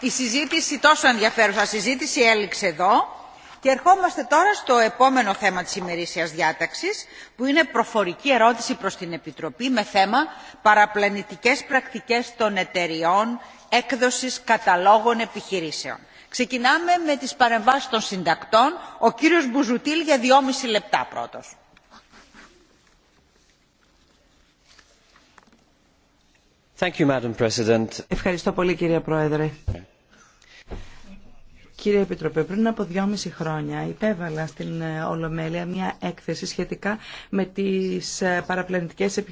η συζήτηση, τόσο ενδιαφέρουσα συζήτηση, έληξε εδώ. Και ερχόμαστε τώρα στο επόμενο θέμα της ημερήσιας διάταξης, που είναι προφορική ερώτηση προς την Επιτροπή με θέμα παραπλανητικές πρακτικές των εταιριών έκδοσης καταλόγων επιχειρήσεων. Ξεκινάμε με τις παρεμβάσεις των συντακτών. Ο κύριος Μπουζουτήλ για δυόμιση λεπτά πρώτος. Ευχαριστώ πολύ κύριε Πρόεδρε. Κύριε Επιτροπέ, πριν από δυόμιση χρόνια υπέβαλα στην ε, Ολομέλεια μια έκθεση σχετικά με τις ε, παραπλανητικές ε,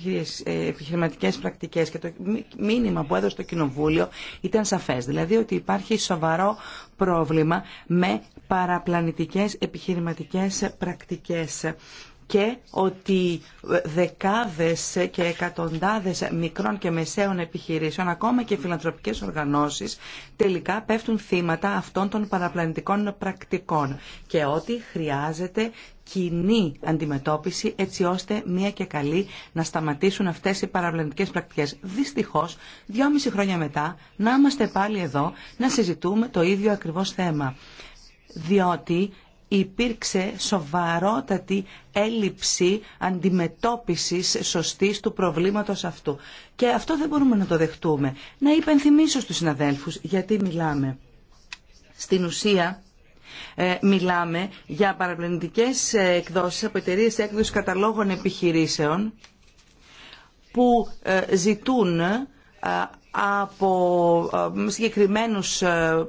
επιχειρηματικές πρακτικές και το μήνυμα που έδωσε το Κοινοβούλιο ήταν σαφές. Δηλαδή ότι υπάρχει σοβαρό πρόβλημα με παραπλανητικές επιχειρηματικές πρακτικές και ότι δεκάδες και εκατοντάδες μικρών και μεσαίων επιχειρήσεων, ακόμα και φιλανθρωπικές οργανώσεις, τελικά πέφτουν θύματα αυτών των παραπλανητικών πρακτικών και ότι χρειάζεται κοινή αντιμετώπιση έτσι ώστε μία και καλή να σταματήσουν αυτές οι παραπλανητικές πρακτικές. Δυστυχώς, δυόμιση χρόνια μετά, να είμαστε πάλι εδώ να συζητούμε το ίδιο ακριβώς θέμα διότι υπήρξε σοβαρότατη έλλειψη αντιμετώπισης σωστής του προβλήματος αυτού. Και αυτό δεν μπορούμε να το δεχτούμε. Να υπενθυμίσω στους συναδέλφους γιατί μιλάμε. Στην ουσία ε, μιλάμε για παραπλανητικές ε, εκδόσεις από εταιρείε έκδοσης καταλόγων επιχειρήσεων που ε, ζητούν από ε, συγκεκριμένους ε,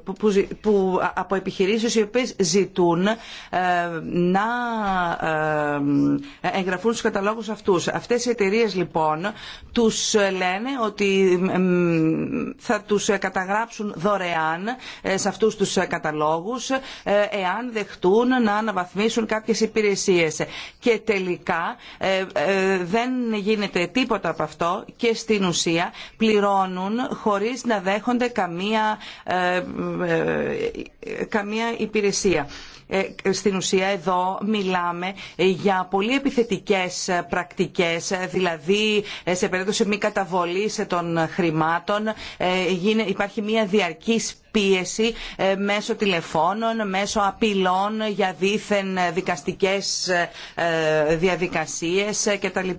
που, από επιχειρήσεις οι οποίες ζητούν ε, να εγγραφούν στους καταλόγους αυτούς. Αυτές οι εταιρείες λοιπόν τους λένε ότι θα τους καταγράψουν δωρεάν σε αυτούς τους καταλόγους εάν δεχτούν να αναβαθμίσουν κάποιες υπηρεσίες. Και τελικά δεν γίνεται τίποτα από αυτό και στην ουσία πληρώνουν χωρίς να δέχονται καμία, ε, ε, καμία υπηρεσία. Ε, στην ουσία εδώ μιλάμε για πολύ επιθετικές πρακτικές, δηλαδή σε περίπτωση μη καταβολής των χρημάτων υπάρχει μια διαρκής πίεση μέσω τηλεφώνων, μέσω απειλών για δίθεν δικαστικές διαδικασίες κτλ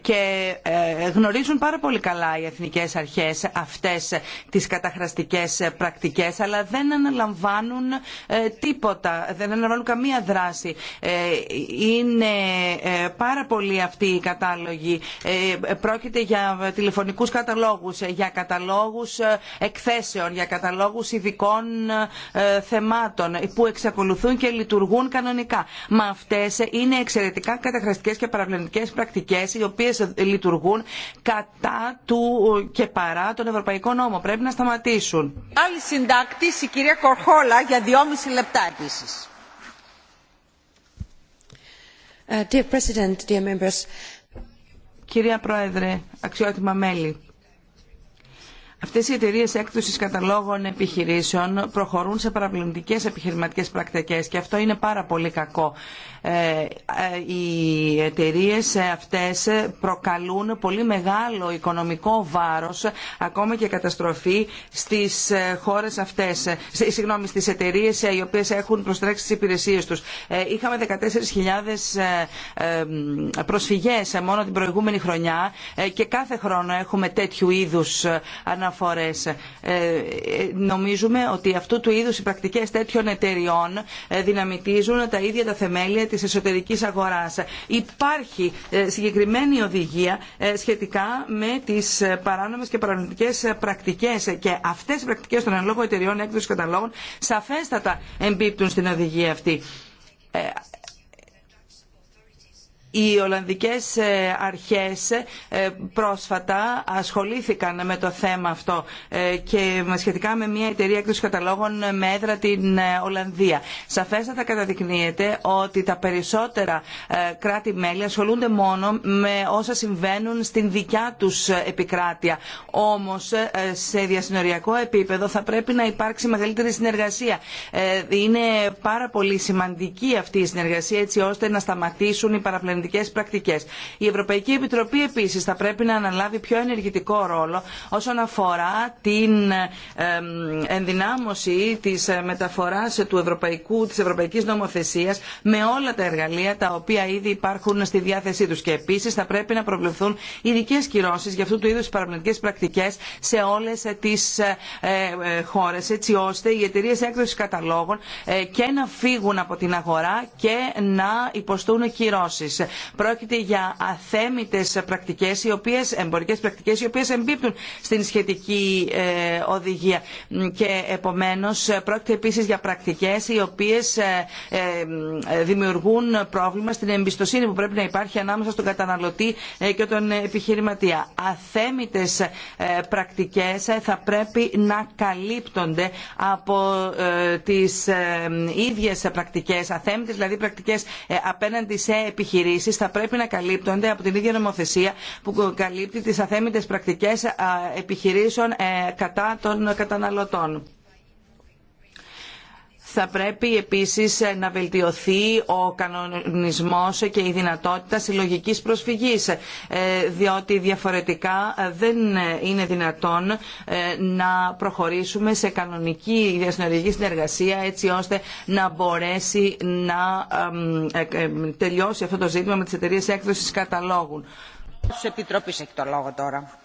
και ε, γνωρίζουν πάρα πολύ καλά οι εθνικές αρχές αυτές τις καταχραστικές πρακτικές αλλά δεν αναλαμβάνουν ε, τίποτα, δεν αναλαμβάνουν καμία δράση. Ε, είναι πάρα πολλοί αυτοί οι κατάλογοι. Πρόκειται για τηλεφωνικούς καταλόγους, για καταλόγους εκθέσεων, για καταλόγους ειδικών θεμάτων που εξακολουθούν και λειτουργούν κανονικά. Μα αυτές είναι εξαιρετικά καταχραστικές και παραπλανητικές πρακτικές οποίες λειτουργούν κατά του και παρά τον Ευρωπαϊκό Νόμο. Πρέπει να σταματήσουν. Άλλη συντάκτης, η κυρία Κορχόλα, για δυόμιση λεπτά επίση. Uh, dear President, dear members. Κυρία Πρόεδρε, αξιότιμα μέλη Αυτές οι εταιρείε έκδοσης καταλόγων επιχειρήσεων προχωρούν σε παραπλανητικές επιχειρηματικές πρακτικές και αυτό είναι πάρα πολύ κακό. Ε, ε, οι εταιρείε αυτές προκαλούν πολύ μεγάλο οικονομικό βάρος, ακόμα και καταστροφή στις χώρες αυτές, συγγνώμη, στις εταιρείε οι οποίες έχουν προστρέξει τις υπηρεσίες τους. Ε, είχαμε 14.000 προσφυγές μόνο την προηγούμενη χρονιά και κάθε χρόνο έχουμε τέτοιου είδους ανα ε, νομίζουμε ότι αυτού του είδου οι πρακτικέ τέτοιων εταιριών ε, δυναμητίζουν τα ίδια τα θεμέλια τη εσωτερική αγορά. Υπάρχει ε, συγκεκριμένη οδηγία σχετικά με τις παράνομε και παρανομικές πρακτικές και αυτέ οι πρακτικέ των εν εταιριών έκδοση καταλόγων σαφέστατα εμπίπτουν στην οδηγία αυτή οι Ολλανδικές ε, αρχές ε, πρόσφατα ασχολήθηκαν με το θέμα αυτό ε, και σχετικά με μια εταιρεία έκδοση καταλόγων με έδρα την Ολλανδία. Σαφέστατα καταδεικνύεται ότι τα περισσότερα κράτη-μέλη ασχολούνται μόνο με όσα συμβαίνουν στην δικιά τους επικράτεια. Όμως σε διασυνοριακό επίπεδο θα πρέπει να υπάρξει μεγαλύτερη συνεργασία. Είναι πάρα πολύ σημαντική αυτή η συνεργασία έτσι ώστε να σταματήσουν οι παραπλανητικές η Ευρωπαϊκή Επιτροπή επίση θα πρέπει να αναλάβει πιο ενεργητικό ρόλο όσον αφορά την ενδυνάμωση τη ε, μεταφορά του ευρωπαϊκού, της ευρωπαϊκής νομοθεσίας με όλα τα εργαλεία τα οποία ήδη υπάρχουν στη διάθεσή του. και επίση θα πρέπει να προβλεφθούν ειδικέ κυρώσει για αυτού του είδους παραπλανητικέ πρακτικέ σε όλε τι ε, ε, χώρε, έτσι ώστε οι εταιρείε έκδοση καταλόγων και να φύγουν από την αγορά και να υποστούν κυρώσει. Πρόκειται για αθέμητες πρακτικές, οι οποίες, εμπορικές πρακτικές, οι οποίες εμπίπτουν στην σχετική ε, οδηγία. Και επομένως πρόκειται επίσης για πρακτικές οι οποίες ε, ε, δημιουργούν πρόβλημα στην εμπιστοσύνη που πρέπει να υπάρχει ανάμεσα στον καταναλωτή και τον επιχειρηματία. Αθέμητες πρακτικές θα πρέπει να καλύπτονται από τις ίδιες πρακτικές, αθέμητες δηλαδή πρακτικές απέναντι σε επιχειρήσεις θα πρέπει να καλύπτονται από την ίδια νομοθεσία που καλύπτει τις αθέμητε πρακτικές επιχειρήσεων ε, κατά των καταναλωτών. Θα πρέπει επίσης να βελτιωθεί ο κανονισμός και η δυνατότητα συλλογικής προσφυγής, ε, διότι διαφορετικά ε, δεν είναι δυνατόν ε, να προχωρήσουμε σε κανονική διασυνοριακή συνεργασία έτσι ώστε να μπορέσει να τελειώσει αυτό το ζήτημα με τις εταιρείες έκδοσης καταλόγων. έχει το λόγο τώρα.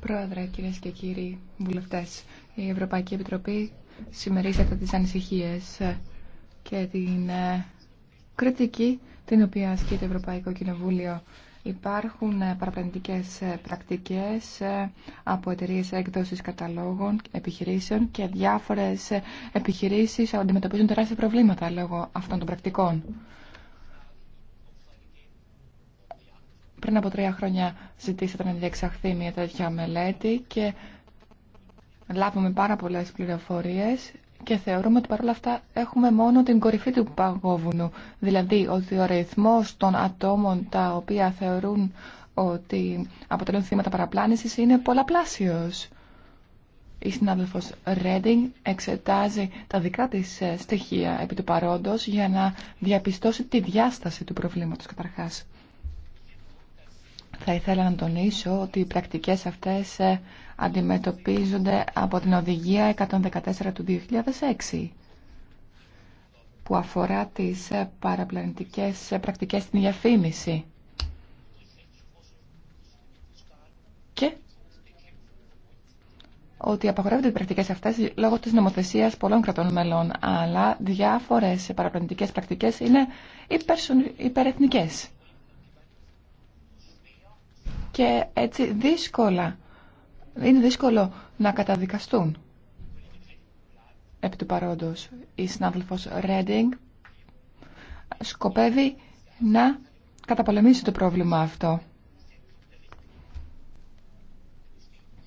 Πρόεδρε, κυρίε και κύριοι βουλευτέ, η Ευρωπαϊκή Επιτροπή συμμερίζεται τι ανησυχίε και την ε, κριτική την οποία ασκεί το Ευρωπαϊκό Κοινοβούλιο. Υπάρχουν ε, παραπλανητικές ε, πρακτικές από εταιρείες έκδοσης καταλόγων επιχειρήσεων και διάφορες επιχειρήσεις αντιμετωπίζουν τεράστια προβλήματα λόγω αυτών των πρακτικών. Πριν από τρία χρόνια ζητήσατε να διεξαχθεί μια τέτοια μελέτη και λάβουμε πάρα πολλές πληροφορίες και θεωρούμε ότι παρόλα αυτά έχουμε μόνο την κορυφή του παγόβουνου. Δηλαδή ότι ο ρυθμός των ατόμων τα οποία θεωρούν ότι αποτελούν θύματα παραπλάνησης είναι πολλαπλάσιος. Η συνάδελφος Ρέντινγκ εξετάζει τα δικά της ε, στοιχεία επί του παρόντος για να διαπιστώσει τη διάσταση του προβλήματος καταρχάς. Θα ήθελα να τονίσω ότι οι πρακτικές αυτές ε, αντιμετωπίζονται από την Οδηγία 114 του 2006 που αφορά τις ε, παραπλανητικές ε, πρακτικές στην διαφήμιση. Και ότι απαγορεύονται οι πρακτικές αυτές λόγω της νομοθεσίας πολλών κρατών μελών, αλλά διάφορες παραπλανητικές πρακτικές είναι υπερεθνικές και έτσι δύσκολα, είναι δύσκολο να καταδικαστούν. Επί του παρόντος, η συνάδελφος Ρέντινγκ σκοπεύει να καταπολεμήσει το πρόβλημα αυτό.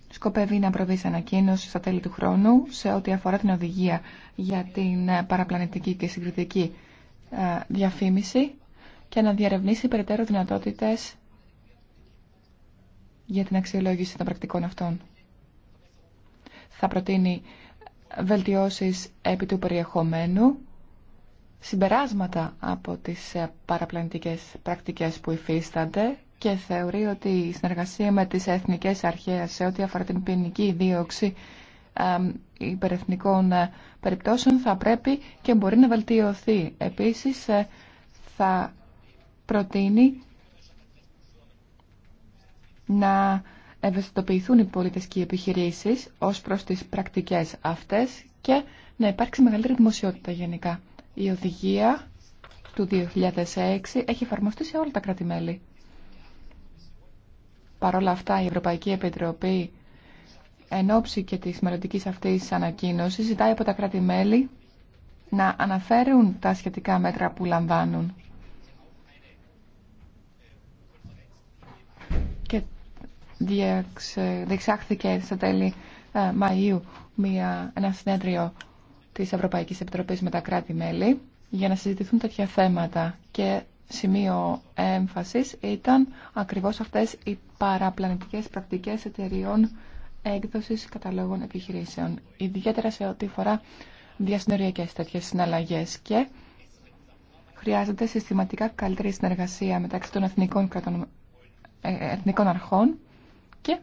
σκοπεύει να προβεί σε ανακοίνωση στα τέλη του χρόνου σε ό,τι αφορά την οδηγία για την παραπλανητική και συγκριτική ε, διαφήμιση και να διαρευνήσει περαιτέρω δυνατότητες για την αξιολόγηση των πρακτικών αυτών. Θα προτείνει βελτιώσεις επί του περιεχομένου, συμπεράσματα από τις ε, παραπλανητικές πρακτικές που υφίστανται και θεωρεί ότι η συνεργασία με τις εθνικές αρχές σε ό,τι αφορά την ποινική δίωξη υπερεθνικών ε, περιπτώσεων θα πρέπει και μπορεί να βελτιωθεί. Επίσης ε, θα προτείνει να ευαισθητοποιηθούν οι πολίτες και οι επιχειρήσεις ως προς τις πρακτικές αυτές και να υπάρξει μεγαλύτερη δημοσιότητα γενικά. Η οδηγία του 2006 έχει εφαρμοστεί σε όλα τα κράτη-μέλη. Παρ' όλα αυτά η Ευρωπαϊκή Επιτροπή εν ώψη και της μελλοντική αυτής ανακοίνωσης, ζητάει από τα κράτη-μέλη να αναφέρουν τα σχετικά μέτρα που λαμβάνουν διεξάχθηκε στα τέλη ε, Μαΐου μια, ένα συνέδριο της Ευρωπαϊκής Επιτροπής με τα κράτη-μέλη για να συζητηθούν τέτοια θέματα και σημείο έμφασης ήταν ακριβώς αυτές οι παραπλανητικές πρακτικές εταιριών έκδοσης καταλόγων επιχειρήσεων, ιδιαίτερα σε ό,τι φορά διασυνοριακές τέτοιες συναλλαγές και χρειάζεται συστηματικά καλύτερη συνεργασία μεταξύ των εθνικών, κρατών, ε, ε, εθνικών αρχών και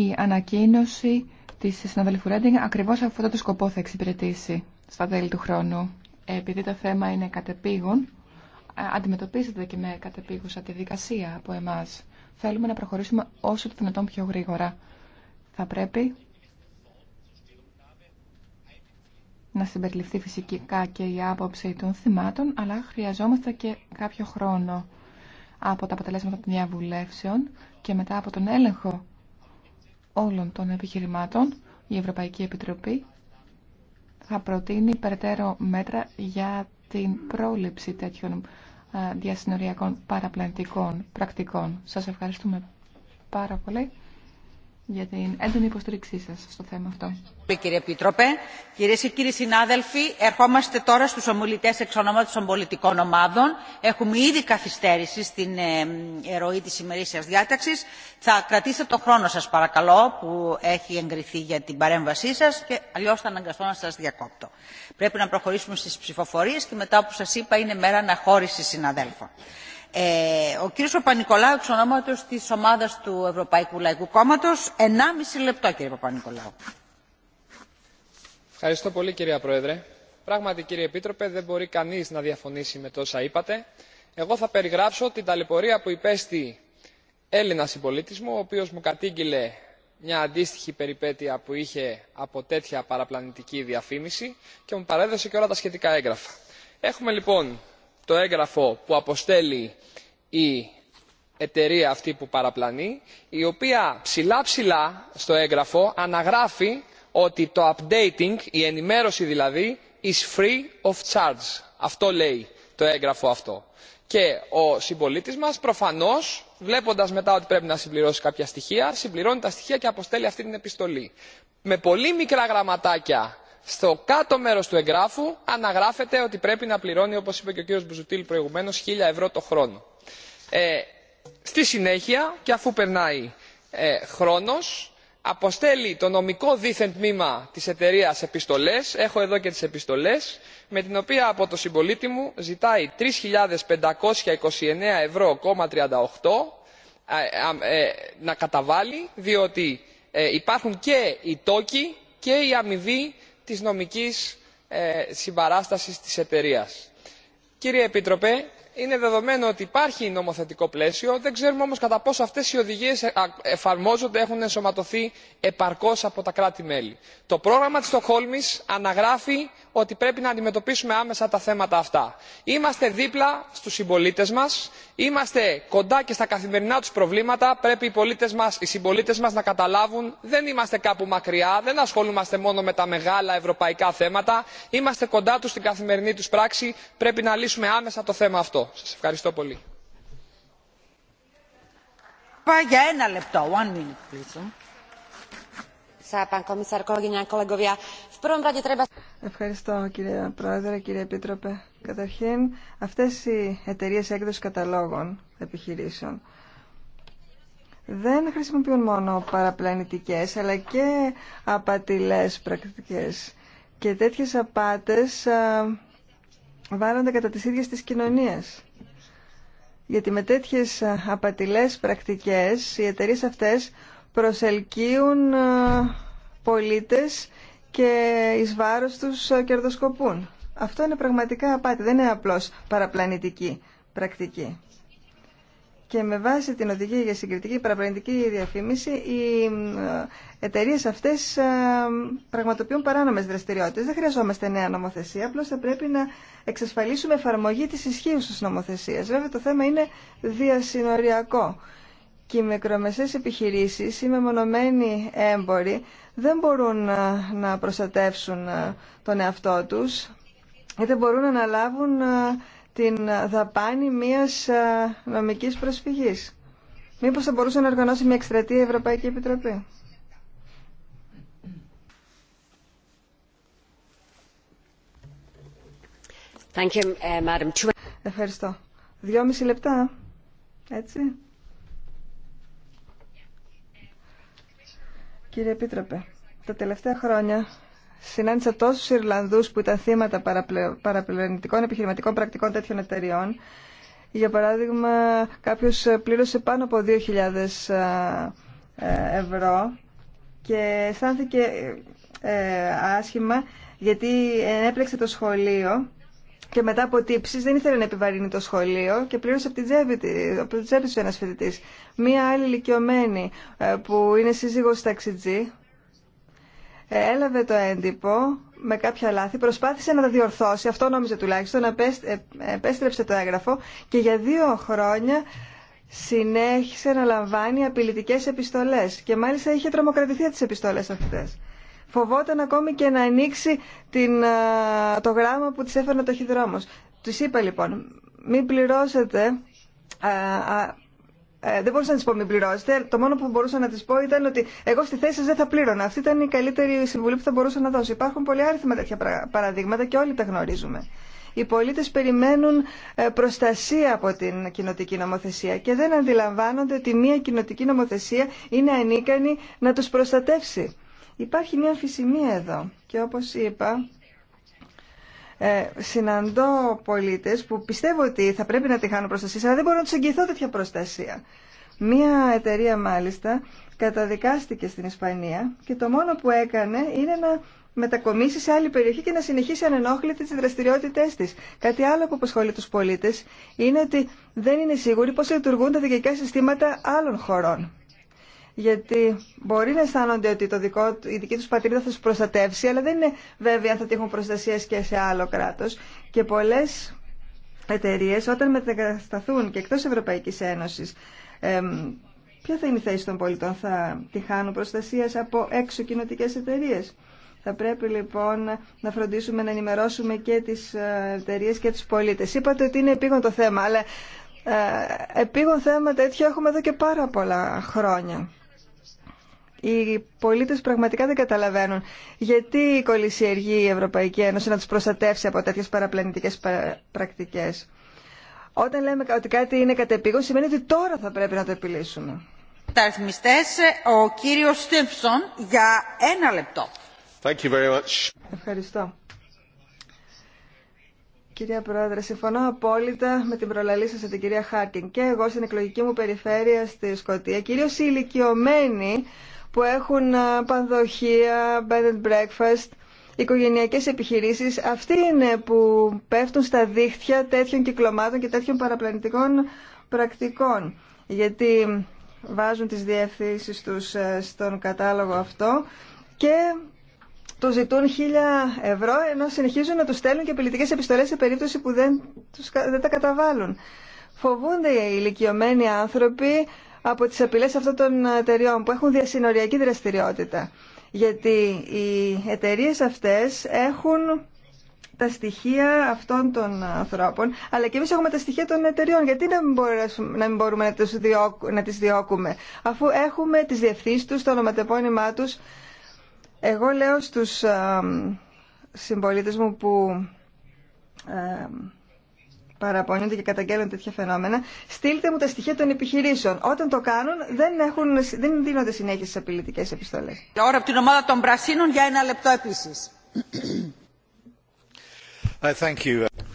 η ανακοίνωση της συναδελφού Ρέντινγκ ακριβώς αυτό το σκοπό θα εξυπηρετήσει στα τέλη του χρόνου. Επειδή το θέμα είναι κατεπήγον, ε, αντιμετωπίζεται και με κατεπήγουσα τη δικασία από εμάς. Θέλουμε να προχωρήσουμε όσο το δυνατόν πιο γρήγορα. Θα πρέπει να συμπεριληφθεί φυσικά και η άποψη των θυμάτων, αλλά χρειαζόμαστε και κάποιο χρόνο από τα αποτελέσματα των διαβουλεύσεων και μετά από τον έλεγχο όλων των επιχειρημάτων, η Ευρωπαϊκή Επιτροπή θα προτείνει περαιτέρω μέτρα για την πρόληψη τέτοιων ε, διασυνοριακών παραπλανητικών πρακτικών. Σας ευχαριστούμε πάρα πολύ για την έντονη υποστήριξή σα στο θέμα αυτό. Κύριε Επίτροπε, κυρίες και κύριοι συνάδελφοι, ερχόμαστε τώρα στου ομιλητέ εξ ονόματο των πολιτικών ομάδων. Έχουμε ήδη καθυστέρηση στην ε, ερωή τη ημερήσια διάταξη. Θα κρατήσετε το χρόνο σα παρακαλώ που έχει εγκριθεί για την παρέμβασή σα, και αλλιώς θα αναγκαστώ να σα διακόπτω. Πρέπει να προχωρήσουμε στι ψηφοφορίε, και μετά όπως σα είπα είναι μέρα αναχώρηση συναδέλφων. Ε, ο κύριος Παπα-Νικολάου εξ ονόματος της ομάδας του Ευρωπαϊκού Λαϊκού Κόμματος. 1,5 λεπτό κύριε Ευχαριστώ πολύ κυρία Πρόεδρε. Πράγματι κύριε Επίτροπε δεν μπορεί κανείς να διαφωνήσει με τόσα είπατε. Εγώ θα περιγράψω την ταλαιπωρία που υπέστη Έλληνα συμπολίτη μου, ο οποίος μου κατήγγειλε μια αντίστοιχη περιπέτεια που είχε από τέτοια παραπλανητική διαφήμιση και μου παρέδωσε και όλα τα σχετικά έγγραφα. Έχουμε λοιπόν το έγγραφο που αποστέλει η εταιρεία αυτή που παραπλανεί η οποία ψηλά ψηλά στο έγγραφο αναγράφει ότι το updating η ενημέρωση δηλαδή is free of charge. Αυτό λέει το έγγραφο αυτό. Και ο συμπολίτης μας προφανώς βλέποντας μετά ότι πρέπει να συμπληρώσει κάποια στοιχεία συμπληρώνει τα στοιχεία και αποστέλει αυτή την επιστολή. Με πολύ μικρά γραμματάκια στο κάτω μέρος του εγγράφου αναγράφεται ότι πρέπει να πληρώνει όπως είπε και ο κύριος μπουζουτήλ προηγουμένως 1000 ευρώ το χρόνο. Ε, στη συνέχεια και αφού περνάει ε, χρόνος αποστέλει το νομικό δίθεν τμήμα της εταιρείας επιστολές έχω εδώ και τις επιστολές με την οποία από το συμπολίτη μου ζητάει 3.529 ευρώ ε, ε, ε, να καταβάλει διότι υπάρχουν και οι τόκοι και η αμοιβή της νομικής ε, συμπαράστασης της εταιρείας. κύριε επίτροπε είναι δεδομένο ότι υπάρχει νομοθετικό πλαίσιο δεν ξέρουμε όμως κατά πόσο αυτές οι οδηγίες ε, εφαρμόζονται έχουν ενσωματωθεί επαρκώς από τα κράτη μέλη. το πρόγραμμα της στοκχόλμης αναγράφει ότι πρέπει να αντιμετωπίσουμε άμεσα τα θέματα αυτά. είμαστε δίπλα στους συμπολίτες μας είμαστε κοντά και στα καθημερινά τους προβλήματα πρέπει οι, πολίτες μας, οι συμπολίτες μας να καταλάβουν δεν είμαστε κάπου μακριά δεν ασχολούμαστε μόνο με τα μεγάλα ευρωπαϊκά θέματα είμαστε κοντά τους στην καθημερινή τους πράξη πρέπει να λύσουμε άμεσα το θέμα αυτό. Σα ευχαριστώ πολύ. Για ένα λεπτό. Ευχαριστώ κύριε Πρόεδρε, κύριε Επίτροπε. Καταρχήν, αυτές οι εταιρείε έκδοση καταλόγων επιχειρήσεων δεν χρησιμοποιούν μόνο παραπλανητικές αλλά και απατηλές πρακτικές. Και τέτοιες απάτες βάλλονται κατά τις ίδιες της κοινωνίας. Γιατί με τέτοιες ε, απατηλές πρακτικές οι εταιρείε αυτές προσελκύουν ε, πολίτες και εις βάρος τους ε, κερδοσκοπούν. Αυτό είναι πραγματικά απάτη, δεν είναι απλώς παραπλανητική πρακτική. Και με βάση την οδηγία για συγκριτική παραπλανητική διαφήμιση, οι ε, εταιρείε αυτέ ε, πραγματοποιούν παράνομε δραστηριότητε. Δεν χρειαζόμαστε νέα νομοθεσία, απλώ θα πρέπει να εξασφαλίσουμε εφαρμογή τη ισχύουσα νομοθεσία. Βέβαια, το θέμα είναι διασυνοριακό. Και οι μικρομεσαίες επιχειρήσεις, οι μεμονωμένοι έμποροι, δεν μπορούν ε, να προστατεύσουν τον εαυτό τους, ή δεν μπορούν να αναλάβουν την δαπάνη μιας ε, νομικής προσφυγής. Μήπως θα μπορούσε να οργανώσει μια εκστρατεία η Ευρωπαϊκή Επιτροπή. Thank you, uh, Madam. Ευχαριστώ. Δυόμιση λεπτά, έτσι. Κύριε Επίτροπε, τα τελευταία χρόνια συνάντησα τόσους Ιρλανδούς που ήταν θύματα παραπλανητικών επιχειρηματικών πρακτικών τέτοιων εταιριών. Για παράδειγμα, κάποιο πλήρωσε πάνω από 2.000 ε, ε, ευρώ και αισθάνθηκε ε, άσχημα γιατί έπλεξε το σχολείο και μετά από τύψει δεν ήθελε να επιβαρύνει το σχολείο και πλήρωσε από την τσέπη, από τη τσέπη του ένα φοιτητή. Μία άλλη ηλικιωμένη που είναι σύζυγος ταξιτζή έλαβε το έντυπο με κάποια λάθη, προσπάθησε να τα διορθώσει, αυτό νόμιζε τουλάχιστον, ε, επέστρεψε το έγγραφο και για δύο χρόνια συνέχισε να λαμβάνει απειλητικές επιστολές και μάλιστα είχε τρομοκρατηθεί από τις επιστολές αυτές. Φοβόταν ακόμη και να ανοίξει την, το γράμμα που της έφερνε το χιδρόμος. Τη είπα λοιπόν, μην πληρώσετε ε, δεν μπορούσα να τη πω μην πληρώσετε. Το μόνο που μπορούσα να τη πω ήταν ότι εγώ στη θέση σα δεν θα πλήρωνα. Αυτή ήταν η καλύτερη συμβουλή που θα μπορούσα να δώσω. Υπάρχουν πολλοί άριθμα τέτοια παραδείγματα και όλοι τα γνωρίζουμε. Οι πολίτε περιμένουν ε, προστασία από την κοινοτική νομοθεσία και δεν αντιλαμβάνονται ότι μια κοινοτική νομοθεσία είναι ανίκανη να του προστατεύσει. Υπάρχει μια αμφισημία εδώ και όπως είπα ε, συναντώ πολίτες που πιστεύω ότι θα πρέπει να τη χάνουν προστασία, αλλά δεν μπορώ να του εγγυηθώ τέτοια προστασία. Μία εταιρεία μάλιστα καταδικάστηκε στην Ισπανία και το μόνο που έκανε είναι να μετακομίσει σε άλλη περιοχή και να συνεχίσει ανενόχλητη τι δραστηριότητέ τη. Κάτι άλλο που απασχολεί του πολίτε είναι ότι δεν είναι σίγουροι πώ λειτουργούν τα δικαιωτικά συστήματα άλλων χωρών γιατί μπορεί να αισθάνονται ότι το δικό, η δική τους πατρίδα θα τους προστατεύσει, αλλά δεν είναι βέβαια αν θα τύχουν προστασίες και σε άλλο κράτος. Και πολλές εταιρείες όταν μετακατασταθούν και εκτός Ευρωπαϊκής Ένωσης, εμ, ποια θα είναι η θέση των πολιτών, θα τη χάνουν από έξω κοινοτικέ εταιρείε. Θα πρέπει λοιπόν να φροντίσουμε να ενημερώσουμε και τις ε, εταιρείε και τους πολίτες. Είπατε ότι είναι επίγον το θέμα, αλλά ε, επίγον θέμα τέτοιο έχουμε εδώ και πάρα πολλά χρόνια οι πολίτε πραγματικά δεν καταλαβαίνουν γιατί κολλησιεργεί η Ευρωπαϊκή Ένωση να του προστατεύσει από τέτοιε παραπλανητικές πρακτικέ. Όταν λέμε ότι κάτι είναι κατεπήγον σημαίνει ότι τώρα θα πρέπει να το επιλύσουμε. ο κύριος Στίμψον, για ένα λεπτό. Thank you very much. Ευχαριστώ. Κυρία Πρόεδρε, συμφωνώ απόλυτα με την προλαλή σας την κυρία Χάρκιν και εγώ στην εκλογική μου περιφέρεια στη Σκοτία. κυρίως οι ηλικιωμένοι που έχουν ε, πανδοχεία, bed and breakfast, οικογενειακές επιχειρήσεις. Αυτοί είναι που πέφτουν στα δίχτυα τέτοιων κυκλωμάτων και τέτοιων παραπλανητικών πρακτικών. Γιατί βάζουν τις διευθύνσεις τους ε, στον κατάλογο αυτό και τους ζητούν χίλια ευρώ ενώ συνεχίζουν να τους στέλνουν και πολιτικές επιστολές σε περίπτωση που δεν, τους, δεν τα καταβάλουν. Φοβούνται οι ηλικιωμένοι άνθρωποι από τις απειλές αυτών των εταιριών που έχουν διασυνοριακή δραστηριότητα. Γιατί οι εταιρείε αυτές έχουν τα στοιχεία αυτών των ανθρώπων, αλλά και εμείς έχουμε τα στοιχεία των εταιριών. Γιατί να μην, να μην μπορούμε να, τις διώκουμε, αφού έχουμε τις διευθύνσεις τους, το ονοματεπώνυμά τους. Εγώ λέω στους συμπολίτες μου που παραπονιούνται και καταγγέλνουν τέτοια φαινόμενα, στείλτε μου τα στοιχεία των επιχειρήσεων. Όταν το κάνουν, δεν, έχουν, δεν δίνονται συνέχεια στι απειλητικέ επιστολέ. Τώρα από την ομάδα των Πρασίνων για ένα λεπτό επίση.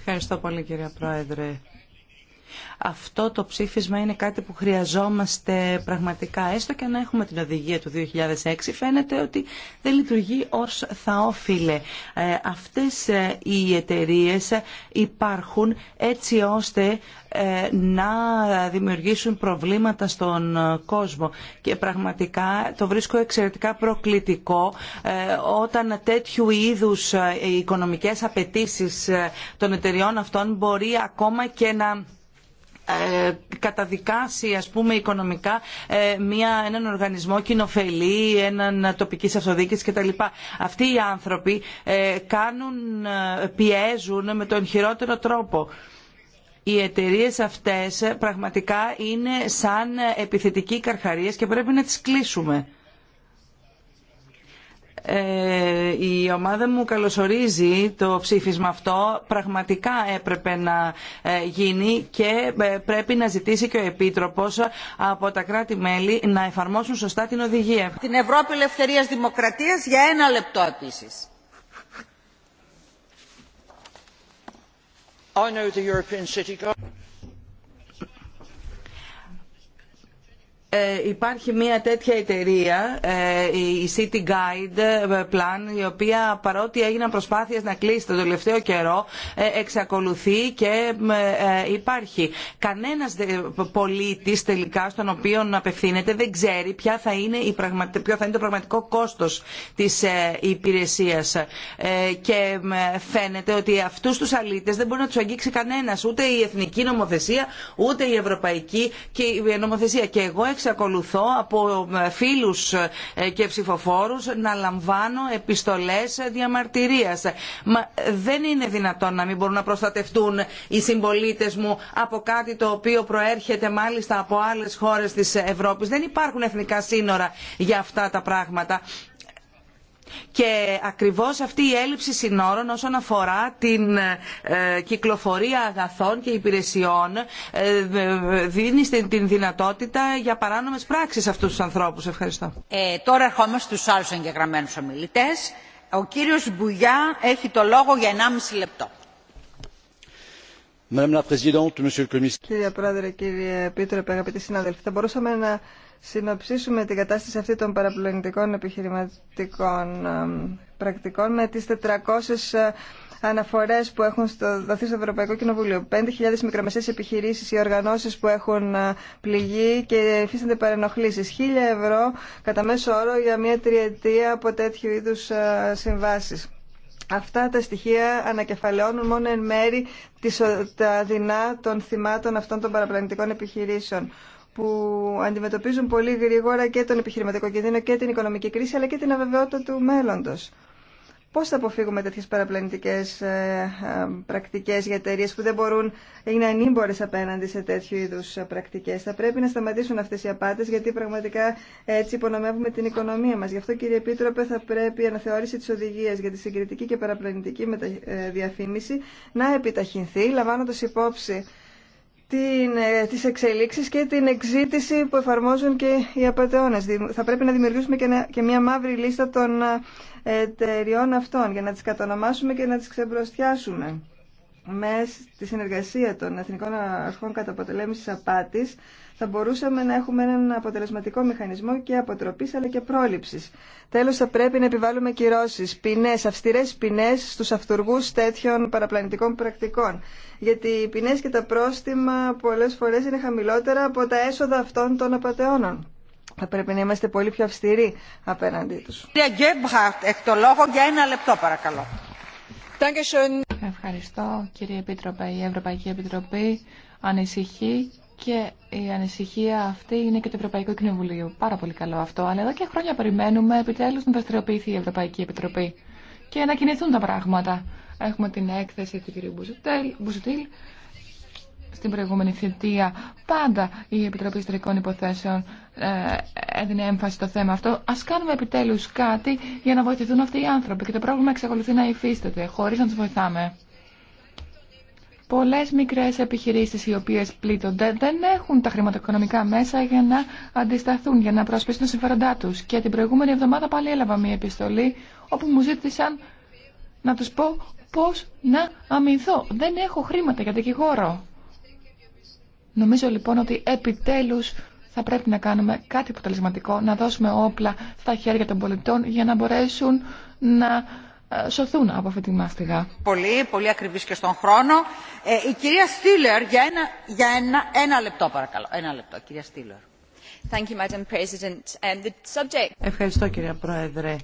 Ευχαριστώ πολύ, κύριε Πρόεδρε αυτό το ψήφισμα είναι κάτι που χρειαζόμαστε πραγματικά. Έστω και αν έχουμε την οδηγία του 2006 φαίνεται ότι δεν λειτουργεί ω θα όφιλε. Ε, αυτές ε, οι εταιρείε υπάρχουν έτσι ώστε ε, να δημιουργήσουν προβλήματα στον κόσμο. Και πραγματικά το βρίσκω εξαιρετικά προκλητικό όταν τέτοιου είδους οικονομικές των εταιριών αυτών μπορεί ακόμα και να ε, καταδικάσει ας πούμε οικονομικά ε, μια, έναν οργανισμό κοινοφελή, έναν τοπική αυτοδίκηση κτλ. Αυτοί οι άνθρωποι ε, κάνουν, πιέζουν με τον χειρότερο τρόπο οι εταιρείε αυτές πραγματικά είναι σαν επιθετικοί καρχαρίες και πρέπει να τις κλείσουμε. Ε, η ομάδα μου καλωσορίζει το ψήφισμα αυτό. Πραγματικά έπρεπε να ε, γίνει και ε, πρέπει να ζητήσει και ο Επίτροπος από τα κράτη-μέλη να εφαρμόσουν σωστά την οδηγία. Την Ευρώπη Ελευθερίας Δημοκρατίας για ένα λεπτό Ε, υπάρχει μια τέτοια εταιρεία, ε, η City Guide ε, Plan, η οποία παρότι έγιναν προσπάθειες να κλείσει τον τελευταίο καιρό, εξακολουθεί και υπάρχει. Κανένας πολίτης τελικά στον οποίο απευθύνεται δεν ξέρει ποια θα είναι ποιο θα είναι το πραγματικό κόστος της υπηρεσίας. Και φαίνεται ότι αυτούς τους αλήτες δεν μπορεί να τους αγγίξει κανένας, ούτε η εθνική νομοθεσία, ούτε η ευρωπαϊκή νομοθεσία. Και εγώ Ακολουθώ από ε, φίλους ε, και ψηφοφόρους να λαμβάνω επιστολές διαμαρτυρίας. Μα δεν είναι δυνατόν να μην μπορούν να προστατευτούν οι συμπολίτε μου από κάτι το οποίο προέρχεται μάλιστα από άλλες χώρες της Ευρώπης. Δεν υπάρχουν εθνικά σύνορα για αυτά τα πράγματα και ακριβώς αυτή η έλλειψη συνόρων όσον αφορά την ε, ε, κυκλοφορία αγαθών και υπηρεσιών ε, δίνει την δυνατότητα για παράνομες πράξεις αυτούς τους ανθρώπους. Ευχαριστώ. τώρα ερχόμαστε στους άλλους εγγεγραμμένους ομιλητές. Ο κύριος Μπουγιά έχει το λόγο για 1,5 λεπτό. Κύριε Πρόεδρε, κύριε Πίτρο, αγαπητοί συνάδελφοι, θα μπορούσαμε να συνοψίσουμε την κατάσταση αυτή των παραπλανητικών επιχειρηματικών πρακτικών με τις 400 ε, αναφορές που έχουν στο, δοθεί στο Ευρωπαϊκό Κοινοβούλιο. 5.000 μικρομεσαίες επιχειρήσεις ή οργανώσεις που έχουν ε, πληγεί και υφίστανται παρενοχλήσεις. 1.000 ευρώ κατά μέσο όρο για μια τριετία από τέτοιου είδους ε, συμβάσεις. Αυτά τα στοιχεία ανακεφαλαιώνουν μόνο εν μέρη τα δεινά των θυμάτων αυτών των παραπλανητικών επιχειρήσεων που αντιμετωπίζουν πολύ γρήγορα και τον επιχειρηματικό κίνδυνο και την οικονομική κρίση αλλά και την αβεβαιότητα του μέλλοντος. Πώς θα αποφύγουμε τέτοιες παραπλανητικές ε, ε, πρακτικές για εταιρείε που δεν μπορούν είναι ανήμπορες απέναντι σε τέτοιου είδους ε, πρακτικές. Θα πρέπει να σταματήσουν αυτές οι απάτες γιατί πραγματικά έτσι υπονομεύουμε την οικονομία μας. Γι' αυτό κύριε Επίτροπε θα πρέπει η αναθεώρηση της οδηγίας για τη συγκριτική και παραπλανητική διαφήμιση να επιταχυνθεί λαμβάνοντα υπόψη την, ε, τις εξελίξεις και την εξήτηση που εφαρμόζουν και οι απαταιώνες. Θα πρέπει να δημιουργήσουμε και, μια μαύρη λίστα των ε, εταιριών αυτών για να τις κατονομάσουμε και να τις ξεμπροστιάσουμε με τη συνεργασία των Εθνικών Αρχών κατά αποτελέμησης απάτης θα μπορούσαμε να έχουμε έναν αποτελεσματικό μηχανισμό και αποτροπής αλλά και πρόληψης. Τέλος θα πρέπει να επιβάλλουμε κυρώσεις, ποινές, αυστηρές ποινές στους αυτούργους τέτοιων παραπλανητικών πρακτικών. Γιατί οι ποινές και τα πρόστιμα πολλές φορές είναι χαμηλότερα από τα έσοδα αυτών των απαταιώνων. Θα πρέπει να είμαστε πολύ πιο αυστηροί απέναντί τους. Κύριε Γκέμπχαρτ, εκ λόγο για ένα λεπτό παρακαλώ. Ευχαριστώ κύριε Επίτροπε. Η Ευρωπαϊκή Επιτροπή ανησυχεί και η ανησυχία αυτή είναι και του Ευρωπαϊκού Κοινοβουλίου. Πάρα πολύ καλό αυτό. Αλλά εδώ και χρόνια περιμένουμε επιτέλου να δραστηριοποιηθεί η Ευρωπαϊκή Επιτροπή και να κινηθούν τα πράγματα. Έχουμε την έκθεση του κύριου Μπουζουτήλ στην προηγούμενη θητεία πάντα η Επιτροπή Ιστορικών Υποθέσεων ε, έδινε έμφαση στο θέμα αυτό. Α κάνουμε επιτέλου κάτι για να βοηθηθούν αυτοί οι άνθρωποι. Και το πρόβλημα εξακολουθεί να υφίσταται χωρί να του βοηθάμε. Πολλέ μικρέ επιχειρήσει οι οποίε πλήττονται δεν έχουν τα χρηματοοικονομικά μέσα για να αντισταθούν, για να προσπίσουν τα συμφέροντά του. Και την προηγούμενη εβδομάδα πάλι έλαβα μία επιστολή όπου μου ζήτησαν να του πω πώ να αμυνθώ. Δεν έχω χρήματα για δικηγόρο. Νομίζω λοιπόν ότι επιτέλους θα πρέπει να κάνουμε κάτι αποτελεσματικό, να δώσουμε όπλα στα χέρια των πολιτών για να μπορέσουν να ε, σωθούν από αυτή τη μάστιγα. Πολύ, πολύ ακριβής και στον χρόνο. Ε, η κυρία Στήλερ, για, ένα, για ένα, ένα λεπτό παρακαλώ. Ένα λεπτό, κυρία Στήλερ. Thank you, Madam President. the subject... Ευχαριστώ κυρία Πρόεδρε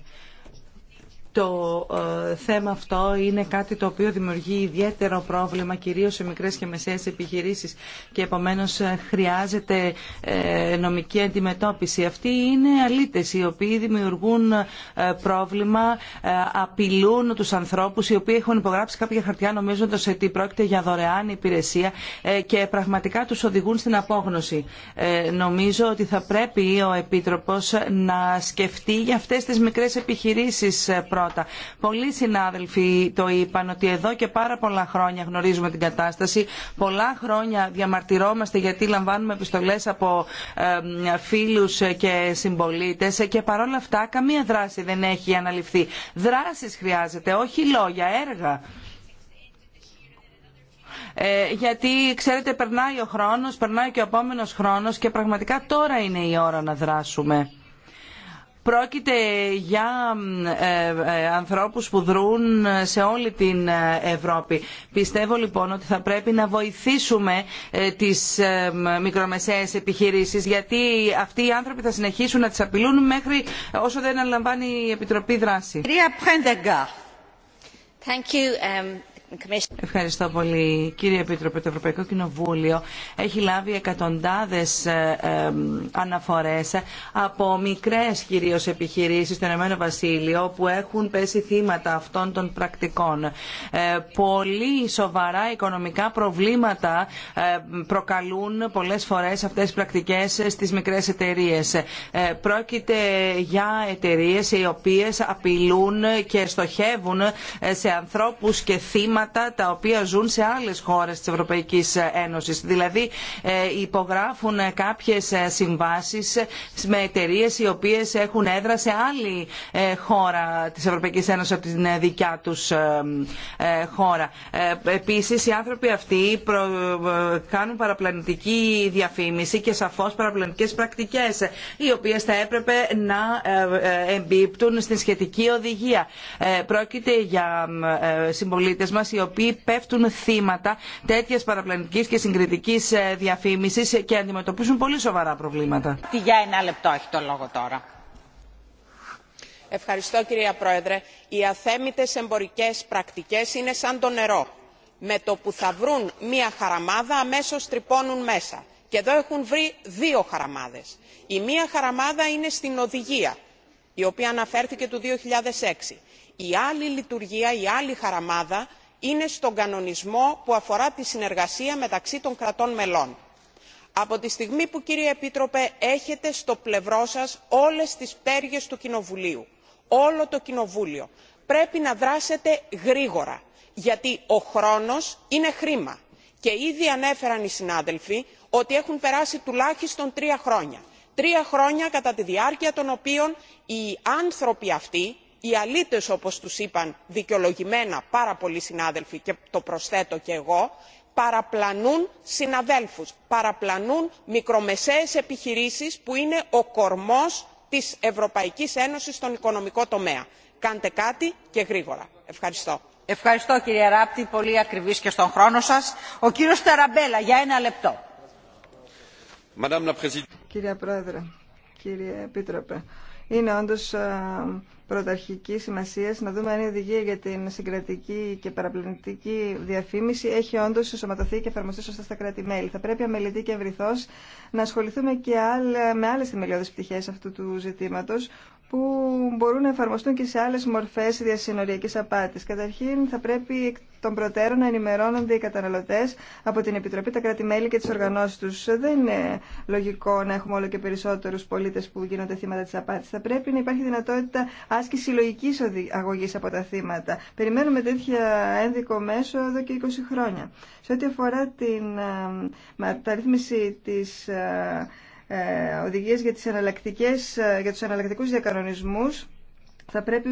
το ε, θέμα αυτό είναι κάτι το οποίο δημιουργεί ιδιαίτερο πρόβλημα κυρίως σε μικρές και μεσαίες επιχειρήσεις και επομένως ε, χρειάζεται ε, νομική αντιμετώπιση. Αυτοί είναι αλήτες οι οποίοι δημιουργούν πρόβλημα, απειλούν τους ανθρώπους οι οποίοι έχουν υπογράψει κάποια χαρτιά νομίζοντας ότι πρόκειται για δωρεάν υπηρεσία και πραγματικά τους οδηγούν στην απόγνωση. Νομίζω ότι θα πρέπει ο Επίτροπος να σκεφτεί για αυτές τις μικρές επιχειρήσεις πρώτα Πολλοί συνάδελφοι το είπαν ότι εδώ και πάρα πολλά χρόνια γνωρίζουμε την κατάσταση. Πολλά χρόνια διαμαρτυρόμαστε γιατί λαμβάνουμε επιστολές από φίλους και συμπολίτε, και παρόλα αυτά καμία δράση δεν έχει αναλυφθεί. Δράσει χρειάζεται, όχι λόγια, έργα. Ε, γιατί ξέρετε περνάει ο χρόνος, περνάει και ο επόμενος χρόνος και πραγματικά τώρα είναι η ώρα να δράσουμε. Πρόκειται για ε, ε, ανθρώπους που δρούν σε όλη την ε, Ευρώπη. Πιστεύω λοιπόν ότι θα πρέπει να βοηθήσουμε τις μικρομεσαίες επιχειρήσεις γιατί αυτοί οι άνθρωποι θα συνεχίσουν να τις απειλούν μέχρι όσο δεν αναλαμβάνει η Επιτροπή δράση. Ευχαριστώ πολύ. Κύριε Επίτροπε, το Ευρωπαϊκό Κοινοβούλιο έχει λάβει εκατοντάδες ε, ε, αναφορές από μικρές κυρίως επιχειρήσεις στο Ηνωμένο Βασίλειο που έχουν πέσει θύματα αυτών των πρακτικών. Ε, πολύ σοβαρά οικονομικά προβλήματα προκαλούν πολλές φορές αυτές τις πρακτικές στις μικρές εταιρείες. Πρόκειται για εταιρείες οι οποίες απειλούν και στοχεύουν σε ανθρώπους και θύματα τα οποία ζουν σε άλλες χώρες της Ευρωπαϊκής Ένωσης. Δηλαδή ε, υπογράφουν κάποιες ε, συμβάσεις με εταιρείε οι οποίες έχουν έδρα σε άλλη ε, χώρα της Ευρωπαϊκής Ένωσης από την δικιά τους χώρα. Επίσης οι άνθρωποι αυτοί κάνουν παραπλανητική διαφήμιση και σαφώς παραπλανητικές πρακτικές οι οποίες θα έπρεπε να εμπίπτουν στην σχετική οδηγία. Πρόκειται για συμπολίτε μα οι οποίοι πέφτουν θύματα τέτοιας παραπλανητικής και συγκριτικής ε, διαφήμισης και αντιμετωπίζουν πολύ σοβαρά προβλήματα. Για ένα λεπτό το λόγο τώρα. Ευχαριστώ κυρία Πρόεδρε. Οι αθέμητες εμπορικές πρακτικές είναι σαν το νερό. Με το που θα βρουν μία χαραμάδα αμέσως τρυπώνουν μέσα. Και εδώ έχουν βρει δύο χαραμάδες. Η μία χαραμάδα είναι στην οδηγία, η οποία αναφέρθηκε του 2006. Η άλλη λειτουργία, η άλλη χαραμάδα είναι στον κανονισμό που αφορά τη συνεργασία μεταξύ των κρατών μελών. από τη στιγμή που κύριε επίτροπε έχετε στο πλευρό σας όλες τις πτέρυγες του κοινοβουλίου όλο το κοινοβούλιο πρέπει να δράσετε γρήγορα γιατί ο χρόνος είναι χρήμα και ήδη ανέφεραν οι συνάδελφοι ότι έχουν περάσει τουλάχιστον τρία χρόνια τρία χρόνια κατά τη διάρκεια των οποίων οι άνθρωποι αυτοί οι αλίτες, όπως τους είπαν δικαιολογημένα πάρα πολλοί συνάδελφοι και το προσθέτω και εγώ παραπλανούν συναδέλφους παραπλανούν μικρομεσαίες επιχειρήσεις που είναι ο κορμός της ευρωπαϊκής ένωσης στον οικονομικό τομέα. κάντε κάτι και γρήγορα. ευχαριστώ. ευχαριστώ κυρία ράπτη πολύ ακριβής και στον χρόνο σας. ο κύριος ταραμπέλα για ένα λεπτό. κυρία πρόεδρε κύριε επίτροπε είναι όντω ε, πρωταρχική σημασία να δούμε αν η οδηγία για την συγκρατική και παραπλανητική διαφήμιση έχει όντω σωματωθεί και εφαρμοστεί σωστά στα κράτη-μέλη. Θα πρέπει αμελητή και ευρυθώ να ασχοληθούμε και με άλλε θεμελιώδει πτυχέ αυτού του ζητήματο, που μπορούν να εφαρμοστούν και σε άλλες μορφές διασυνοριακής απάτης. Καταρχήν θα πρέπει τον των προτέρων να ενημερώνονται οι καταναλωτέ από την Επιτροπή, τα κράτη-μέλη και τι οργανώσει του. Δεν είναι λογικό να έχουμε όλο και περισσότερου πολίτε που γίνονται θύματα τη απάτης. Θα πρέπει να υπάρχει δυνατότητα άσκηση λογικής αγωγή από τα θύματα. Περιμένουμε τέτοια ένδικο μέσο εδώ και 20 χρόνια. Σε ό,τι αφορά την ε, μεταρρύθμιση τη. Ε, ε, οδηγίες για, τις εναλλακτικές, ε, για τους εναλλακτικούς διακανονισμούς θα πρέπει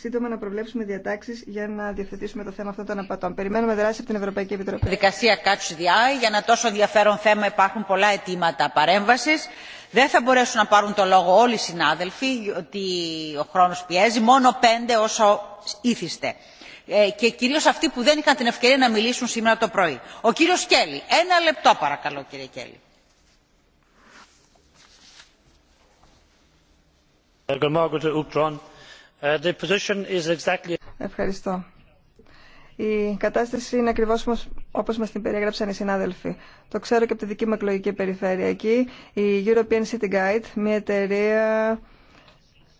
σύντομα να προβλέψουμε διατάξει για να διευθετήσουμε το θέμα αυτών των απατών. Περιμένουμε δράση από την Ευρωπαϊκή Επιτροπή. Δικασία Catch the Για ένα τόσο ενδιαφέρον θέμα υπάρχουν πολλά αιτήματα παρέμβαση. Δεν θα μπορέσουν να πάρουν το λόγο όλοι οι συνάδελφοι, ότι ο χρόνο πιέζει. Μόνο πέντε όσο ήθιστε. Ε, και κυρίω αυτοί που δεν είχαν την ευκαιρία να μιλήσουν σήμερα το πρωί. Ο κύριο Κέλλη. Ένα λεπτό παρακαλώ, κύριε Κέλλη. Ευχαριστώ. Η κατάσταση είναι ακριβώ όπω μα την περιέγραψαν οι συνάδελφοι. Το ξέρω και από τη δική μου εκλογική περιφέρεια. Εκεί η European City Guide, μια εταιρεία,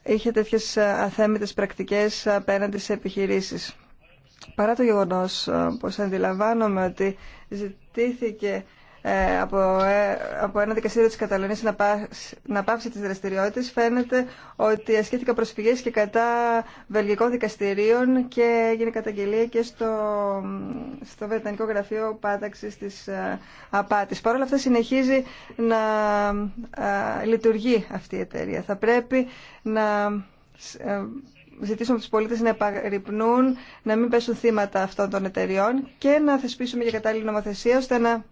είχε τέτοιε αθέμητε πρακτικέ απέναντι σε επιχειρήσει. Παρά το γεγονό ε, πω αντιλαμβάνομαι ότι ζητήθηκε ε, από, ε, από ένα δικαστήριο της Καταλωνίας να, να πάυσει τις δραστηριότητες φαίνεται ότι ασκήθηκαν προσφυγές και κατά βελγικών δικαστηρίων και έγινε καταγγελία και στο, στο Βρετανικό Γραφείο Πάταξης της ε, Απάτης. Παρ' όλα αυτά συνεχίζει να λειτουργεί αυτή η εταιρεία. Θα πρέπει να ζητήσουμε τους πολίτες να επαγρυπνούν, να μην πέσουν θύματα αυτών των εταιριών και να θεσπίσουμε για κατάλληλη νομοθεσία ώστε να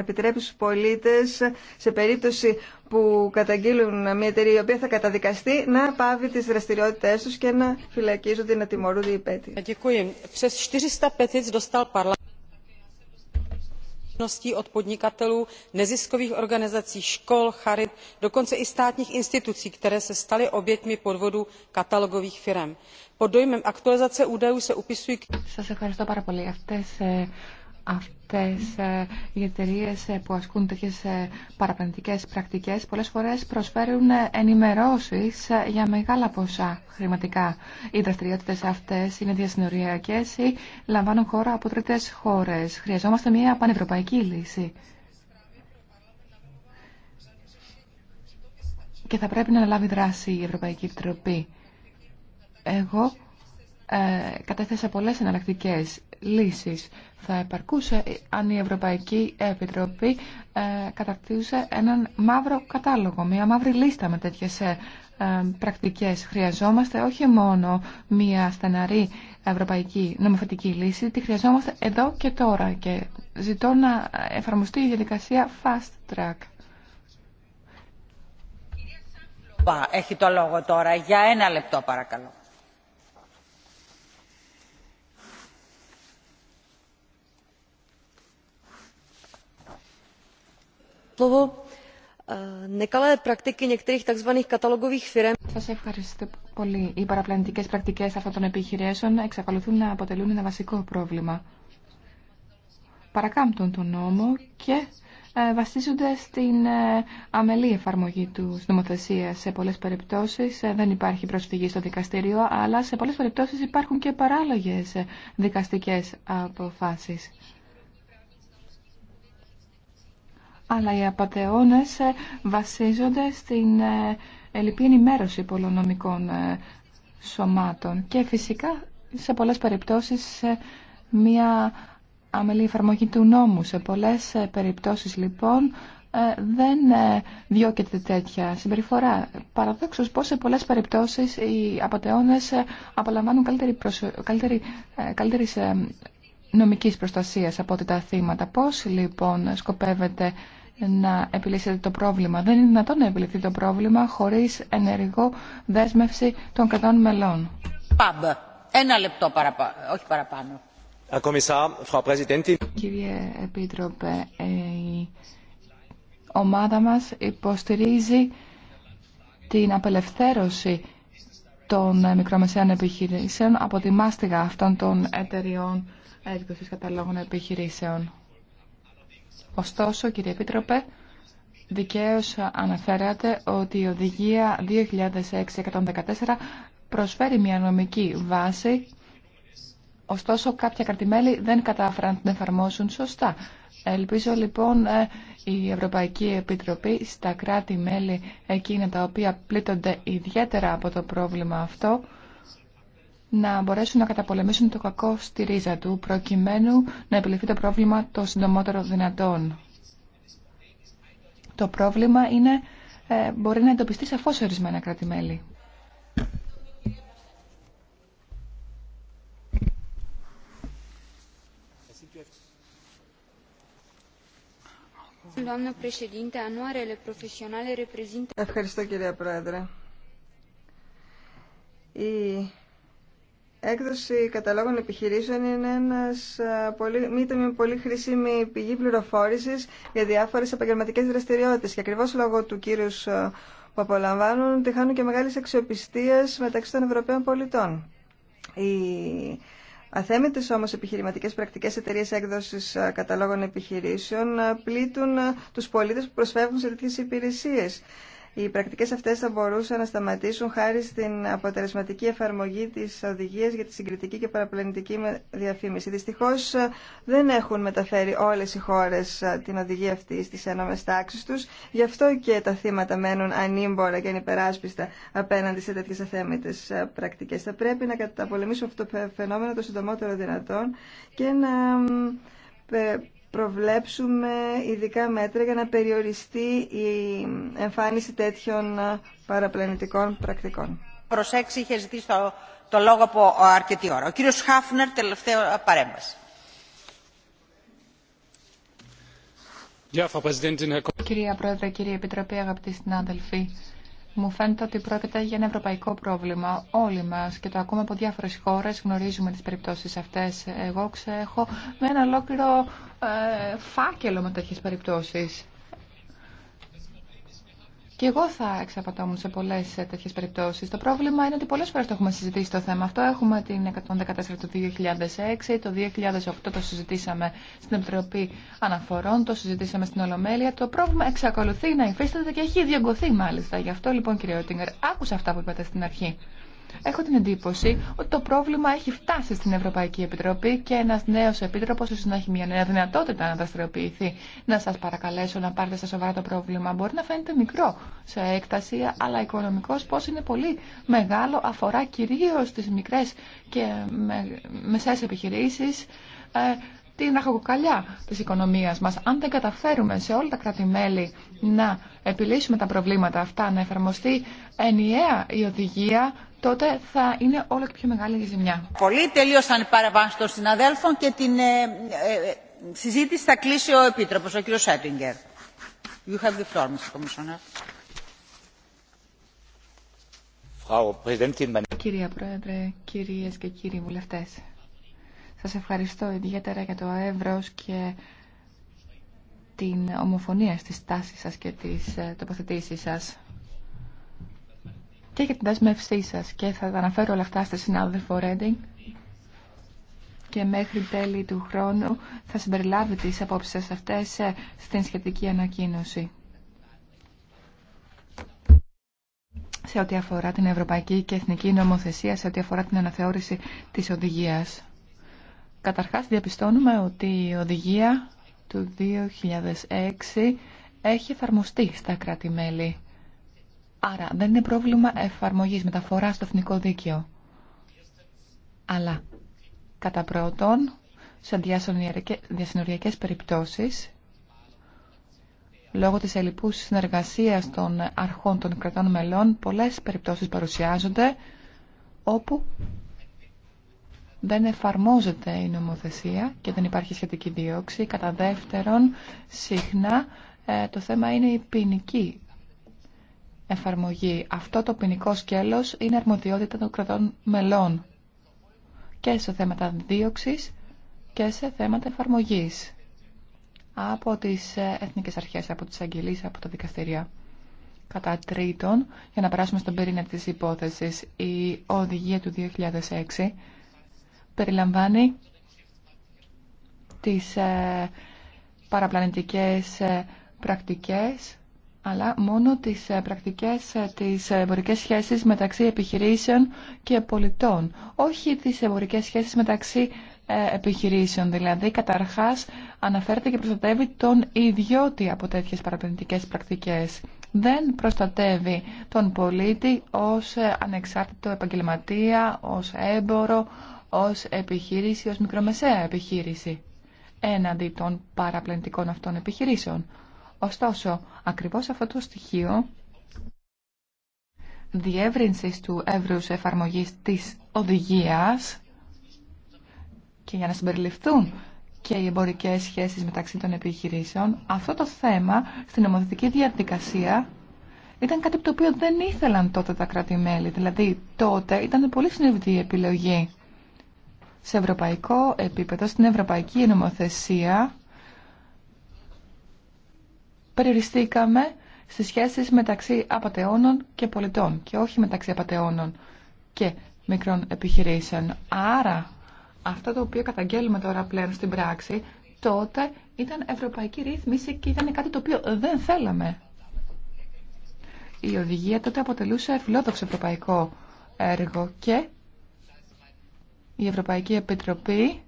επιτρέπει στους πολίτες σε περίπτωση που καταγγείλουν μια εταιρεία η οποία θα καταδικαστεί να πάβει τις δραστηριότητές τους και να φυλακίζονται ή να τιμωρούνται οι πέτοι. od podnikatelů neziskových organizací škol charit dokonce i státních institucí které se staly oběťmi podvodů katalogových aktualizace αυτές ε, οι εταιρείε ε, που ασκούν τέτοιες ε, παραπεντικές πρακτικές πολλές φορές προσφέρουν ενημερώσεις για μεγάλα ποσά χρηματικά. Οι δραστηριότητε αυτές είναι διασυνοριακές ή λαμβάνουν χώρα από τρίτες χώρες. Χρειαζόμαστε μια πανευρωπαϊκή λύση. Και θα πρέπει να λάβει δράση η Ευρωπαϊκή Επιτροπή. Εγώ κατέθεσα πολλές εναλλακτικέ λύσεις. Θα επαρκούσε αν η Ευρωπαϊκή Επιτροπή ε, καταρτίζει έναν μαύρο κατάλογο, μια μαύρη λίστα με τέτοιες ε, ε, πρακτικές. Χρειαζόμαστε όχι μόνο μια στεναρή ευρωπαϊκή νομοθετική λύση, τη χρειαζόμαστε εδώ και τώρα και ζητώ να εφαρμοστεί η διαδικασία fast track. Έχει το λόγο τώρα για ένα λεπτό παρακαλώ. Eh, Σα ευχαριστώ πολύ. Οι παραπλανητικέ πρακτικέ αυτών των επιχειρήσεων εξακολουθούν να αποτελούν ένα βασικό πρόβλημα. Παρακάμπτουν τον νόμο και ε, βασίζονται στην ε, αμελή εφαρμογή του νομοθεσία. Σε πολλέ περιπτώσει ε, δεν υπάρχει προσφυγή στο δικαστήριο, αλλά σε πολλέ περιπτώσει υπάρχουν και παράλογε δικαστικέ αποφάσει. αλλά οι απαταιώνες ε, βασίζονται στην ε, ελληπή ενημέρωση πολλών νομικών ε, σωμάτων και φυσικά σε πολλές περιπτώσεις μια αμελή εφαρμογή του νόμου. Σε πολλές περιπτώσεις λοιπόν δεν διώκεται τέτοια συμπεριφορά. Παραδόξως πως σε πολλές περιπτώσεις οι απαταιώνες απολαμβάνουν καλύτερη, νομική καλύτερη... σε νομικής προστασίας από τα θύματα. Πώς λοιπόν σκοπεύετε να επιλύσετε το πρόβλημα. Δεν είναι δυνατόν να επιληθεί το πρόβλημα χωρίς ενεργό δέσμευση των κρατών μελών. Πάμπ, ένα λεπτό όχι παραπάνω. Κύριε Επίτροπε, η ομάδα μας υποστηρίζει την απελευθέρωση των μικρομεσαίων επιχειρήσεων από τη μάστιγα αυτών των εταιριών έκδοσης ε, καταλόγων επιχειρήσεων. Ωστόσο, κύριε Επίτροπε, δικαίως αναφέρατε ότι η Οδηγία 2006-114 προσφέρει μια νομική βάση, ωστόσο κάποια κρατημέλη δεν κατάφεραν να την εφαρμόσουν σωστά. Ελπίζω λοιπόν ε, η Ευρωπαϊκή Επιτροπή στα κράτη-μέλη εκείνα τα οποία πλήττονται ιδιαίτερα από το πρόβλημα αυτό να μπορέσουν να καταπολεμήσουν το κακό στη ρίζα του, προκειμένου να επιληφθεί το πρόβλημα το συντομότερο δυνατόν. Το πρόβλημα είναι, ε, μπορεί να εντοπιστεί σαφώς ορισμένα κράτη-μέλη. Ευχαριστώ κυρία Πρόεδρε. Η έκδοση καταλόγων επιχειρήσεων είναι ένας πολύ, πολύ χρήσιμη πηγή πληροφόρηση για διάφορες επαγγελματικέ δραστηριότητες και ακριβώς λόγω του κύριου που απολαμβάνουν τη χάνουν και μεγάλης αξιοπιστίε μεταξύ των Ευρωπαίων πολιτών. Οι αθέμητε όμως επιχειρηματικές πρακτικές εταιρείε έκδοσης καταλόγων επιχειρήσεων πλήττουν του πολίτε που προσφεύγουν σε τέτοιε υπηρεσίε. Οι πρακτικές αυτές θα μπορούσαν να σταματήσουν χάρη στην αποτελεσματική εφαρμογή της οδηγίας για τη συγκριτική και παραπλανητική διαφήμιση. Δυστυχώς ε, δεν έχουν μεταφέρει όλες οι χώρες ε, την οδηγία αυτή στις ένομες τάξεις τους, γι' αυτό και τα θύματα μένουν ανήμπορα και ανυπεράσπιστα απέναντι σε τέτοιες αθέμητες ε, πρακτικές. Θα πρέπει να καταπολεμήσουμε αυτό το φαινόμενο το συντομότερο δυνατόν και να προβλέψουμε ειδικά μέτρα για να περιοριστεί η εμφάνιση τέτοιων παραπλανητικών πρακτικών. Προσέξει, είχε ζητήσει το, το λόγο από αρκετή ώρα. Ο κύριος Χάφνερ, τελευταίο παρέμβαση. Κυρία Πρόεδρε, κύριε Επιτροπή, αγαπητοί συνάδελφοι, μου φαίνεται ότι πρόκειται για ένα ευρωπαϊκό πρόβλημα. Όλοι μα και το ακούμε από διάφορε χώρε, γνωρίζουμε τι περιπτώσει αυτέ. Εγώ ξέχω με ένα ολόκληρο ε, φάκελο με τέτοιε περιπτώσει. Και εγώ θα εξαπατώμουν σε πολλέ ε, τέτοιε περιπτώσει. Το πρόβλημα είναι ότι πολλέ φορέ το έχουμε συζητήσει το θέμα αυτό. Έχουμε την 114 του 2006, το 2008 το συζητήσαμε στην Επιτροπή Αναφορών, το συζητήσαμε στην Ολομέλεια. Το πρόβλημα εξακολουθεί να υφίσταται και έχει διωγγωθεί μάλιστα. Γι' αυτό λοιπόν κύριε Ότιγκερ, άκουσα αυτά που είπατε στην αρχή έχω την εντύπωση ότι το πρόβλημα έχει φτάσει στην Ευρωπαϊκή Επιτροπή και ένα νέο επίτροπος ίσω να έχει μια νέα δυνατότητα να δραστηριοποιηθεί. Να σα παρακαλέσω να πάρετε στα σοβαρά το πρόβλημα. Μπορεί να φαίνεται μικρό σε έκταση, αλλά οικονομικός πώ είναι πολύ μεγάλο αφορά κυρίω τι μικρέ και με, επιχειρήσει επιχειρήσεις, ε, την ραχοκοκαλιά τη οικονομία μα. Αν δεν καταφέρουμε σε όλα τα κράτη-μέλη να επιλύσουμε τα προβλήματα αυτά, να εφαρμοστεί ενιαία η οδηγία, τότε θα είναι όλο και πιο μεγάλη η ζημιά. Πολύ τελείωσαν οι παραβάσει των συναδέλφων και την ε, ε, ε, συζήτηση θα κλείσει ο Επίτροπος, ο κ. Σέτιγκερ. You have the floor, Mr. Commissioner. Κυρία Πρόεδρε, κυρίες και κύριοι βουλευτέ, σας ευχαριστώ ιδιαίτερα για το εύρος και την ομοφωνία στις τάσεις σας και τις ε, τοποθετήσεις σας και για την δέσμευσή σα. Και θα τα αναφέρω όλα αυτά στη συνάδελφο Ρέντινγκ. Και μέχρι τέλη του χρόνου θα συμπεριλάβει τι απόψει σα αυτέ στην σχετική ανακοίνωση. σε ό,τι αφορά την ευρωπαϊκή και εθνική νομοθεσία, σε ό,τι αφορά την αναθεώρηση της οδηγίας. Καταρχάς διαπιστώνουμε ότι η οδηγία του 2006 έχει εφαρμοστεί στα κράτη-μέλη. Άρα δεν είναι πρόβλημα εφαρμογής μεταφοράς στο εθνικό δίκαιο. Αλλά κατά πρώτον, σε διασυνοριακές περιπτώσεις, λόγω της ελλειπούς συνεργασίας των αρχών των κρατών μελών, πολλές περιπτώσεις παρουσιάζονται όπου δεν εφαρμόζεται η νομοθεσία και δεν υπάρχει σχετική δίωξη. Κατά δεύτερον, συχνά ε, το θέμα είναι η ποινική εφαρμογή. Αυτό το ποινικό σκέλος είναι αρμοδιότητα των κρατών μελών και σε θέματα δίωξης και σε θέματα εφαρμογής από τις ε, εθνικές αρχές, από τις αγγελίες, από τα δικαστηρία. Κατά τρίτον, για να περάσουμε στον πυρήνα της υπόθεσης, η οδηγία του 2006 περιλαμβάνει τις ε, παραπλανητικές ε, πρακτικές αλλά μόνο τις ε, πρακτικές, ε, τις εμπορικές σχέσεις μεταξύ επιχειρήσεων και πολιτών. Όχι τις εμπορικές σχέσεις μεταξύ ε, επιχειρήσεων. Δηλαδή, καταρχάς, αναφέρεται και προστατεύει τον ιδιώτη από τέτοιες παραπλανητικές πρακτικές. Δεν προστατεύει τον πολίτη ως ανεξάρτητο επαγγελματία, ως έμπορο, ως επιχείρηση, ως μικρομεσαία επιχείρηση έναντι των παραπλανητικών αυτών επιχειρήσεων. Ωστόσο, ακριβώς αυτό το στοιχείο διεύρυνσης του εύρους εφαρμογής της οδηγίας και για να συμπεριληφθούν και οι εμπορικές σχέσεις μεταξύ των επιχειρήσεων, αυτό το θέμα στην νομοθετική διαδικασία ήταν κάτι το οποίο δεν ήθελαν τότε τα κράτη-μέλη. Δηλαδή, τότε ήταν πολύ συνεβητή η επιλογή. Σε ευρωπαϊκό επίπεδο, στην ευρωπαϊκή νομοθεσία, περιοριστήκαμε στις σχέσεις μεταξύ απαταιώνων και πολιτών και όχι μεταξύ απαταιώνων και μικρών επιχειρήσεων. Άρα αυτό το οποίο καταγγέλουμε τώρα πλέον στην πράξη τότε ήταν ευρωπαϊκή ρύθμιση και ήταν κάτι το οποίο δεν θέλαμε. Η οδηγία τότε αποτελούσε φιλόδοξο ευρωπαϊκό έργο και η Ευρωπαϊκή Επιτροπή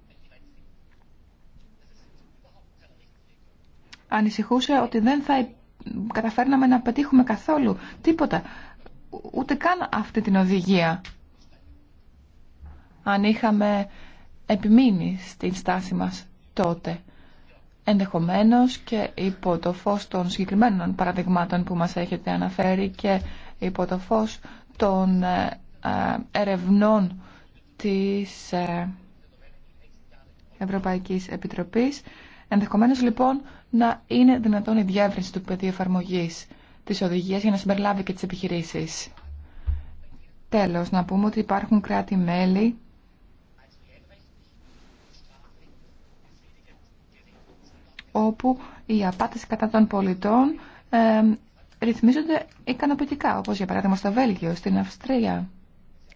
ανησυχούσε ότι δεν θα καταφέρναμε να πετύχουμε καθόλου τίποτα, ούτε καν αυτή την οδηγία. Αν είχαμε επιμείνει στην στάση μας τότε, ενδεχομένως και υπό το φως των συγκεκριμένων παραδειγμάτων που μας έχετε αναφέρει και υπό το φως των ε, ε, ερευνών της ε, Ευρωπαϊκής Επιτροπής Ενδεχομένω λοιπόν να είναι δυνατόν η διεύρυνση του πεδίου εφαρμογή της οδηγία για να συμπεριλάβει και τις επιχειρήσεις. Τέλος, να πούμε ότι υπάρχουν κράτη-μέλη όπου οι απάτες κατά των πολιτών ε, ρυθμίζονται ικανοποιητικά, όπως για παράδειγμα στο Βέλγιο, στην Αυστρία.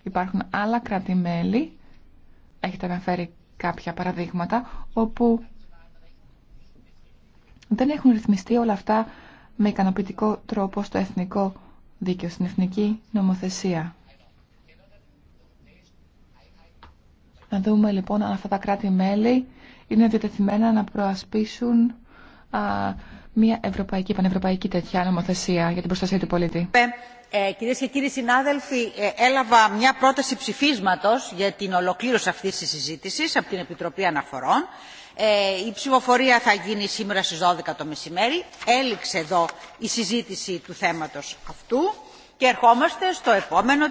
Υπάρχουν άλλα κράτη-μέλη, έχετε αναφέρει κάποια παραδείγματα, όπου δεν έχουν ρυθμιστεί όλα αυτά με ικανοποιητικό τρόπο στο εθνικό δίκαιο, στην εθνική νομοθεσία. Να δούμε λοιπόν αν αυτά τα κράτη-μέλη είναι διατεθειμένα να προασπίσουν α, μια ευρωπαϊκή, πανευρωπαϊκή τέτοια νομοθεσία για την προστασία του πολίτη. Ε, κυρίες και κύριοι συνάδελφοι, ε, έλαβα μια πρόταση ψηφίσματος για την ολοκλήρωση αυτής της συζήτησης από την Επιτροπή Αναφορών ε, η ψηφοφορία θα γίνει σήμερα στις 12 το μεσημέρι. Έληξε εδώ η συζήτηση του θέματος αυτού και ερχόμαστε στο επόμενο